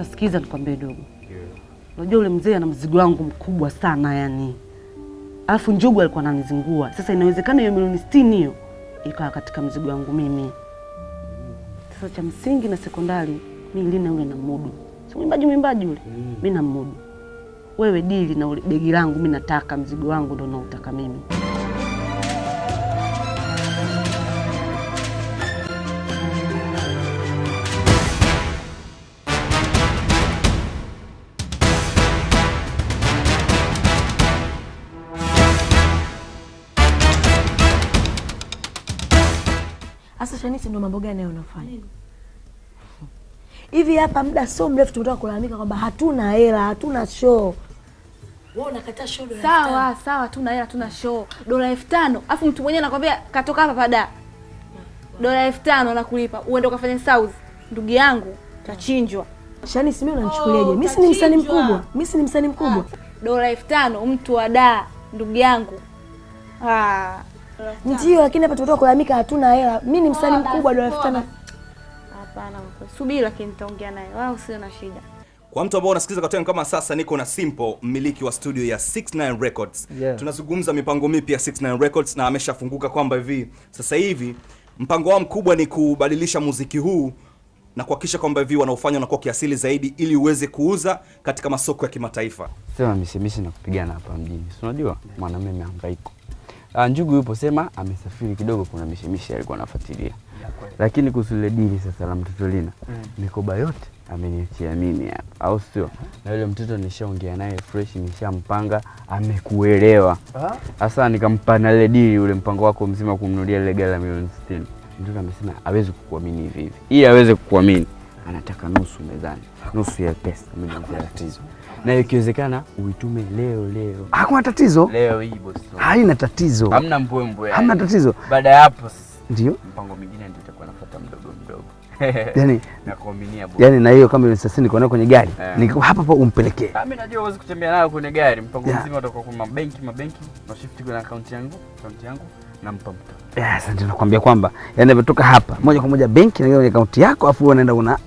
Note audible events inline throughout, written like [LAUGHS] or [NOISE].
Sikiza nikwambie dogo, unajua ule mzee ana mzigo wangu mkubwa sana yani, alafu njugu alikuwa ananizingua. Sasa inawezekana hiyo milioni sitini hiyo ikawa katika mzigo wangu mimi. Sasa cha msingi na sekondari mi lina ule na mudu, si mwimbaji mwimbaji yule mm. mi na mudu, wewe dili na ule begi langu, mi nataka mzigo wangu ndo nautaka mimi. Shanisi, ndo mambo gani unafanya hivi? Hapa muda sio mrefu tumetoka kulalamika kwamba hatuna hela, hatuna show. Wewe unakata show dola sawa sawa, hatuna hela, hatuna show dola elfu tano afu mtu mwenyewe anakwambia katoka hapa pada dola elfu tano nakulipa uende ukafanya sauzi, ndugu yangu tachinjwa. Shanisi, mimi unanichukuliaje? Oh, mimi si ni msanii mkubwa, mimi si ni msanii mkubwa. Ah, dola elfu tano mtu wa daa, ndugu yangu ah. Ndio, lakini hapa tunatoka kulalamika, hatuna hela. Mimi ni oh, msanii mkubwa dola elfu tano. Hapana, subiri, lakini nitaongea naye. Wao sio na shida. Kwa mtu ambao unasikiliza kwa time kama sasa, niko na Simple, mmiliki wa studio ya 69 Records. Yeah. Tunazungumza mipango mipya ya 69 Records na ameshafunguka kwamba hivi sasa hivi mpango wao mkubwa ni kubadilisha muziki huu na kuhakikisha kwamba hivi wanaofanya kwa kiasili zaidi ili uweze kuuza katika masoko ya kimataifa. Sema misimisi na kupigana hapa mjini. Unajua mwanamume amehangaika. Ah, njugu yupo sema amesafiri kidogo, kuna mishemishe alikuwa anafuatilia, lakini kuhusu ile dili sasa la mtoto Lina, mm. mikoba yote ameniachia mimi hapa, au sio? Na yule mtoto nishaongea naye fresh, nishampanga amekuelewa. Sasa nikampa na ile dili, ule mpango wako mzima kumnunulia ile gari la milioni 60. Mtoto amesema hawezi kukuamini hivi hivi, hii hawezi kukuamini, anataka nusu mezani, nusu ya pesa. Mimi ndio tatizo na ikiwezekana uitume leo leo, hakuna tatizo. Leo hii bosi, haina tatizo, hamna mbwe mbwe, hamna tatizo. Baada ya hapo ndio mpango mwingine ndio itakuwa nafuata mdogo mdogo. [LAUGHS] Yani [LAUGHS] na kuaminia boss, yani na hiyo kama ile sasa niko nayo kwenye gari yeah. Ni hapa hapa, umpelekee. Ah, mimi najua uwezi kutembea nayo kwenye gari, mpango yeah. mzima utakuwa kwa mabenki mabenki, na shift kwenye akaunti yangu akaunti yangu nampa mtu. Yes, ndio nakwambia kwamba yani navyotoka hapa moja kwa moja benki na kwenye akaunti yako, afu unaenda una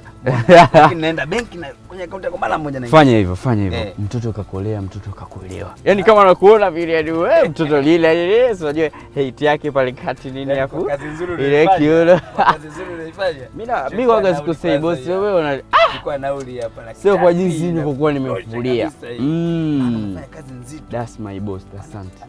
[LAUGHS] naenda benki na kwenye akaunti yako mara moja na fanya hivyo, fanya hivyo eh. Mtoto kakolea mtoto kakuelewa, yani kama anakuona vile ni yaani wewe mtoto lile lile, yaani unajua hate yake pale kati nini eh, afu ile kiuno. Kazi nzuri unaifanya. [LAUGHS] Mimi na mimi kwanza sikusei bosi, wewe una kwa nauli hapa ah! lakini sio kwa jinsi nilivyokuwa nimekufulia. Mmm, ah, kazi nzito. That's my boss. Asante.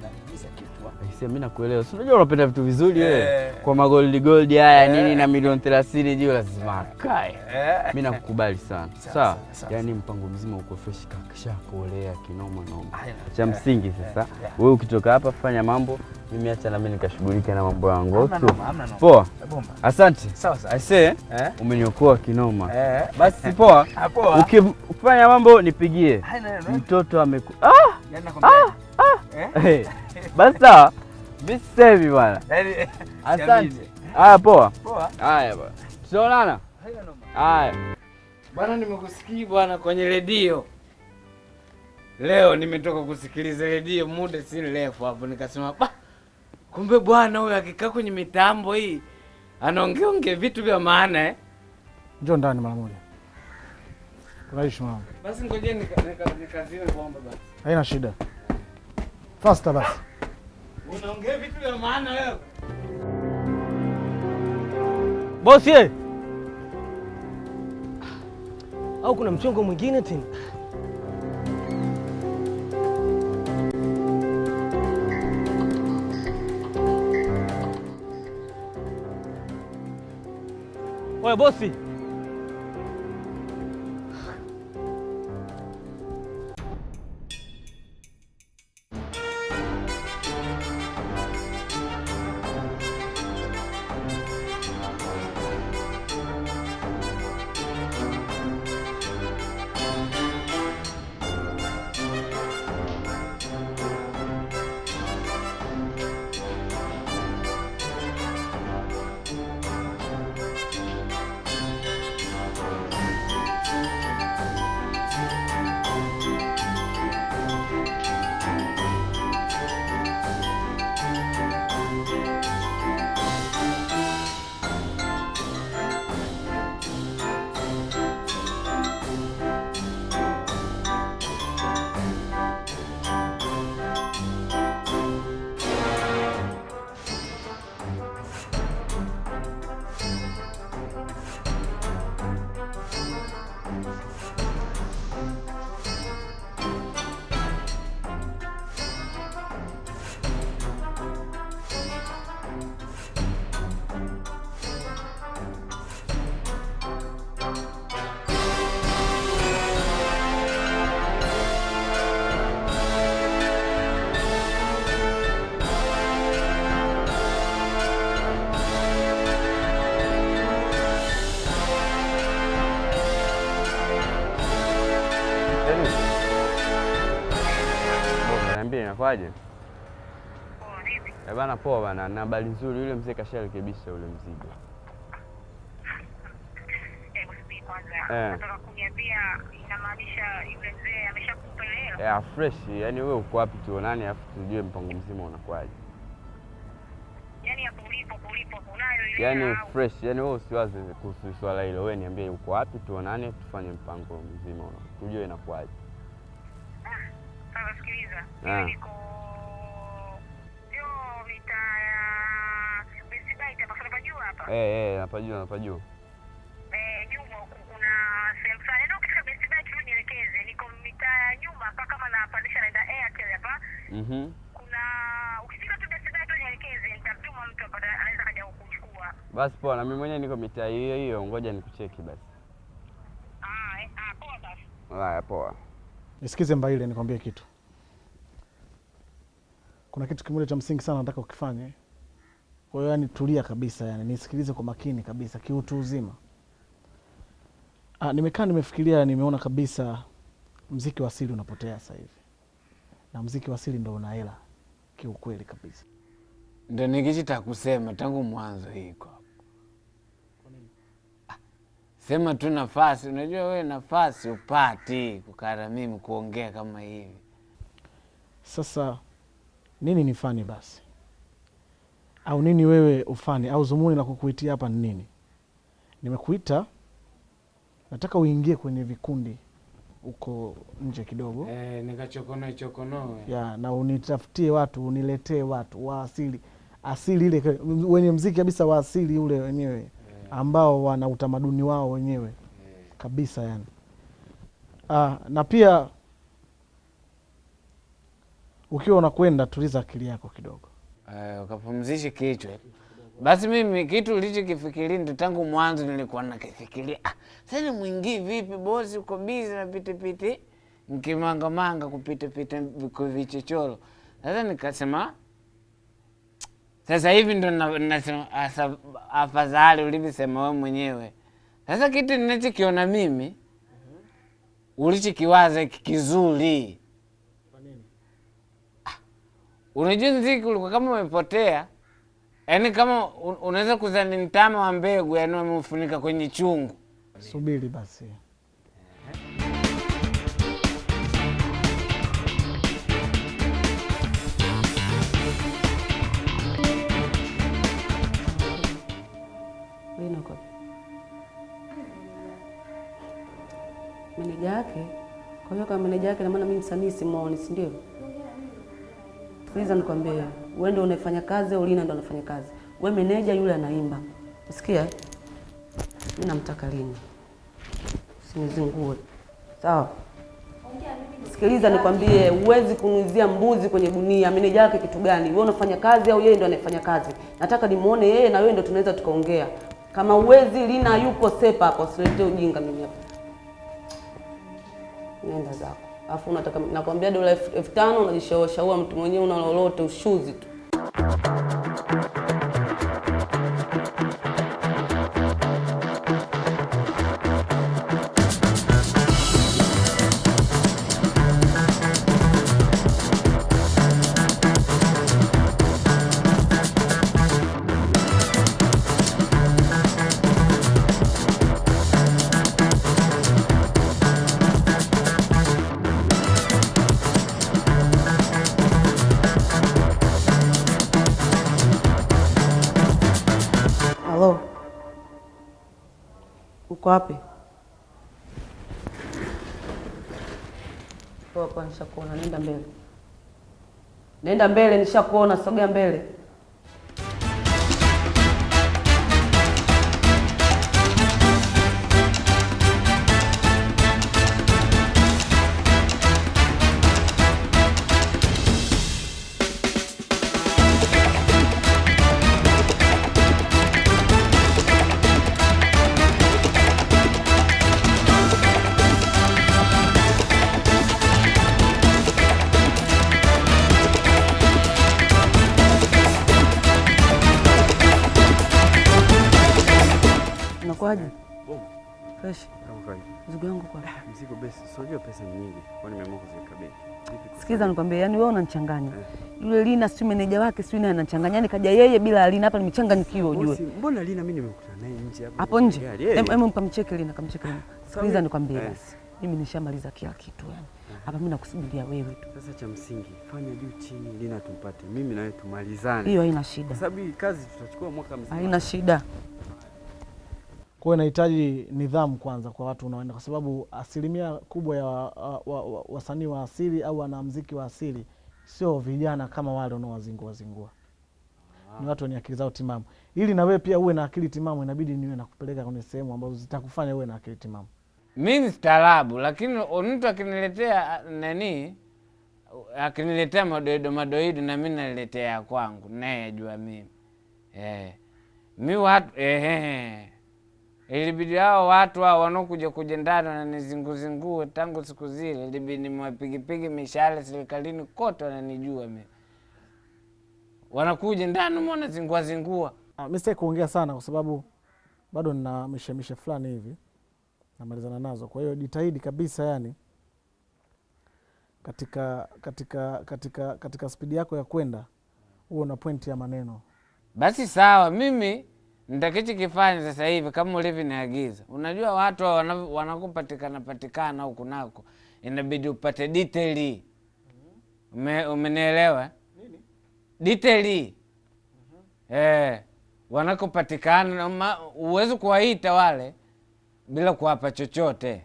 Eh, mimi nakuelewa. Si unajua unapenda vitu vizuri wewe. Yeah. Kwa magoldi goldi haya yeah. nini na milioni 30 juu lazima kae Yeah. Mimi nakukubali sana. Sawa. Yaani mpango mzima uko fresh kakisha kuolea kinoma noma. Cha msingi sasa. Yeah. Wewe ukitoka hapa fanya mambo, mimi acha na mimi nikashughulika na mambo yangu. Poa. Asante. Sawa sawa. Eh. Umeniokoa kinoma. Eh. Basi [LAUGHS] ah, poa. Ukifanya mambo nipigie. Mtoto ameku Ah! Yaani nakwambia. Ah! Basi sawa, mimi sisevi bwana. Yaani, Asante. Haya, poa. Poa. Haya bwana, tutaonana. Haya bwana, nimekusikia bwana kwenye redio leo, nimetoka kusikiliza redio muda si mrefu hapo, nikasema bah, kumbe bwana huyo akikaa kwenye mitambo hii anaongeonge vitu vya maana eh? Njoo ndani mara moja. Basi ngojeni nikazime bomba basi. Haina shida. Fasta basi. Unaongea vitu vya maana wewe. Bosi Au kuna mchongo mwingine tena? Oye bosi. Inakwaje? Eh, bana poa bana, na habari nzuri. Yule mzee kasharekebisha ule mzigo. Eh. Yeah, fresh. Yani wewe uko wapi tuonane, alafu tujue mpango mzima unakwaje. Yaani, yaani fresh, yani wewe usiwaze kuhusu swala hilo, wewe niambie uko wapi tuonane, tufanye mpango mzima tujue inakwaje. Sasa sikiliza, ah. niko ya pasa napajua hapa eh, eh, napajua eh, yaani napajua mhm. kuna ukifika tu tu nielekeze, nitamtuma mtu anaweza kaja Basi poa, na mimi mwenyewe niko mitaa hiyo hiyo, ngoja nikucheki basi. Ah, eh, ah, poa basi. Haya, poa. Nisikize Mbaile, nikwambie kitu. Kuna kitu kimoja cha msingi sana nataka ukifanye. Kwa hiyo, yani tulia kabisa, yani nisikilize kwa makini kabisa, kiutu uzima. Ah, nimekaa nimefikiria, nimeona kabisa mziki wa asili unapotea sasa hivi, na mziki wa asili ndo una hela kiukweli kabisa, ndo nikichita kusema tangu mwanzo hiko Sema tu nafasi, unajua we nafasi upati kukara mimi kuongea kama hivi. Sasa nini nifanye basi, au nini wewe ufanye, au zumuni la kukuitia hapa ni nini? Nimekuita, nataka uingie kwenye vikundi huko nje kidogo, e, nikachokonoe chokonoe ya na unitafutie watu, uniletee watu waasili asili, ile wenye mziki kabisa wa asili ule wenyewe ambao wana utamaduni wao wenyewe kabisa yani. ah, na pia ukiwa unakwenda tuliza akili yako kidogo, eh, ukapumzishi kichwe kichwa. Basi mimi kitu ulichokifikiria ndo tangu mwanzo nilikuwa nakifikiria. Ah, sani mwingii vipi bosi, uko bizi na pitipiti, nkimangamanga kupitapita vichochoro. Sasa nikasema sasa hivi ndo nasema afadhali ulivisema wewe mwenyewe. Sasa kitu ninachokiona mimi ulichikiwaza hiki kizuri. Ah, unajua nziki ulikuwa kama umepotea, yaani kama unaweza kuzani mtama wa mbegu, yaani wamefunika kwenye chungu. Subiri basi. Linacop. Meneja yake. Kwa hiyo kama meneja yake, na maana mimi msanii simuoni, si ndio? Sikiliza nikwambie, wewe ndio unafanya kazi au Lina ndio anafanya kazi? Wewe meneja, yule anaimba. Usikia? Mimi namtaka Lina. Usinizingue. Sawa? Sikiliza nikwambie, huwezi kunuizia mbuzi kwenye gunia. Meneja yake kitu gani? Wewe unafanya kazi au yeye ndo anafanya kazi? Nataka nimuone yeye, na wewe ndo tunaweza tukaongea. Kama uwezi Lina yupo sepa hapo, usilete ujinga mimi hapo Nenda zako. Alafu unataka nakwambia dola elfu tano unajishawishaua mtu mwenyewe una lolote ushuzi tu. Uko wapi? Nishakuona, nenda mbele, nenda mbele, nishakuona. Sogea mbele. Kwaje? Fresh. Ndugu yangu kwa. Mzigo basi. hiyo pesa ni nyingi. Kwa nini nimeamua kuzikabidhi? Sikiza nikwambie, yani wewe unanichanganya. Eh. Yule Lina si meneja wake si naye anachanganya. Yani kaja yeye bila Lina hapa nimechanganyikiwa ujue. Mbona Lina mimi nimekutana naye nje hapo? Hapo nje. Hebu mkamcheke Lina, kamcheke Lina. Sikiza nikwambie eh. basi. Mimi nishamaliza kila kitu yani. Eh. Hapa mimi nakusubiria wewe tu. Sasa cha msingi fanya juu chini, Lina tumpate. Mimi na wewe tumalizane. Hiyo haina shida. Kwa sababu kazi tutachukua mwaka mzima. Haina shida. Kwa hiyo inahitaji nidhamu kwanza kwa watu unaoenda, kwa sababu asilimia kubwa ya wasanii wa, wa, wa, wa asili au wanamziki wa asili sio vijana kama wale unaowazingua zingua wow. Ni ah. watu wenye akili zao timamu. Ili na wewe pia uwe na akili timamu, inabidi niwe nakupeleka kwenye sehemu ambazo zitakufanya uwe na akili timamu. Mimi staarabu, lakini mtu akiniletea nani, akiniletea madoido madoido, na mi naletea ya kwangu, nayajua mimi eh. mi watu eh, eh ilibidi hao watu hao wanaokuja kujendana na nizinguzingue tangu siku zile, ilibidi mwapigipigi mishahara serikalini kote, wananijua mimi, wanakuja ndani mwana zingua zingua. Ah, mi sitaki kuongea sana kwa sababu bado nina mishemishe fulani hivi namalizana nazo, kwa hiyo jitahidi kabisa yani katika katika katika katika spidi yako ya kwenda huo na pointi ya maneno. Basi sawa, mimi Ndakichi kifanya sasa hivi kama ulivyoniagiza. Unajua watu wanakupatikana patikana huku nako, inabidi upate diteli Ume, umenielewa? Nini? Detail. Mhm. Eh, wanakupatikana uwezi kuwaita wale bila kuwapa chochote.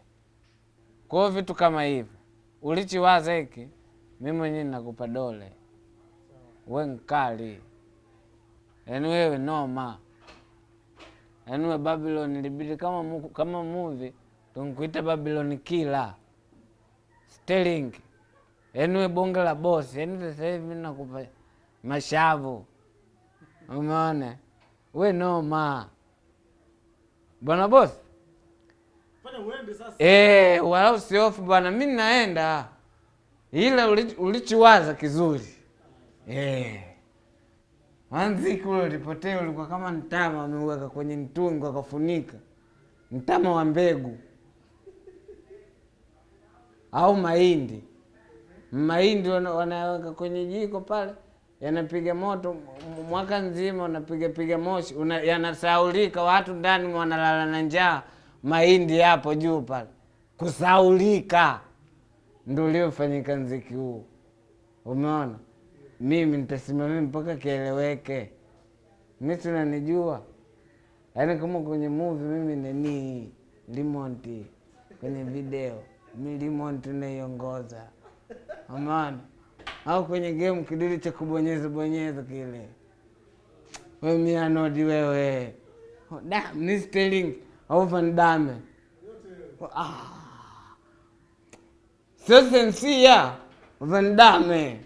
Kwa vitu kama hivi ulichiwaza hiki, mi mwenyewe nakupa dole, we nkali, yaani wewe noma yaani we Babylon ilibidi kama muku, kama tunkuita Babylon kila Sterling, yaani we bonge la bosi. Yaani sasahivi hivi nakupa mashavu, umeona we noma bwana bosi eh, wala usiofu bwana, mi naenda ila ulichiwaza kizuri eee. Eh. Wanziki ule ulipotea ulikuwa kama mtama wameuweka kwenye mtungi wakafunika, mtama wa mbegu au mahindi. Mahindi wanaweka kwenye jiko pale, yanapiga moto mwaka nzima, unapiga piga moshi, yanasaulika. Watu ndani wanalala na njaa, mahindi yapo juu pale, kusaulika. Ndo uliofanyika nziki huu, umeona mimi nitasimamia mpaka kieleweke. Mi tunanijua yaani, kama kwenye movie mimi nini Limonti, kwenye video mi Limonti naiongoza amana, au kwenye game kidili cha kubonyeza bonyeza kile, we anodi wewe oh, da ni Sterling au Van Dame ah. Sasa nsia Van Dame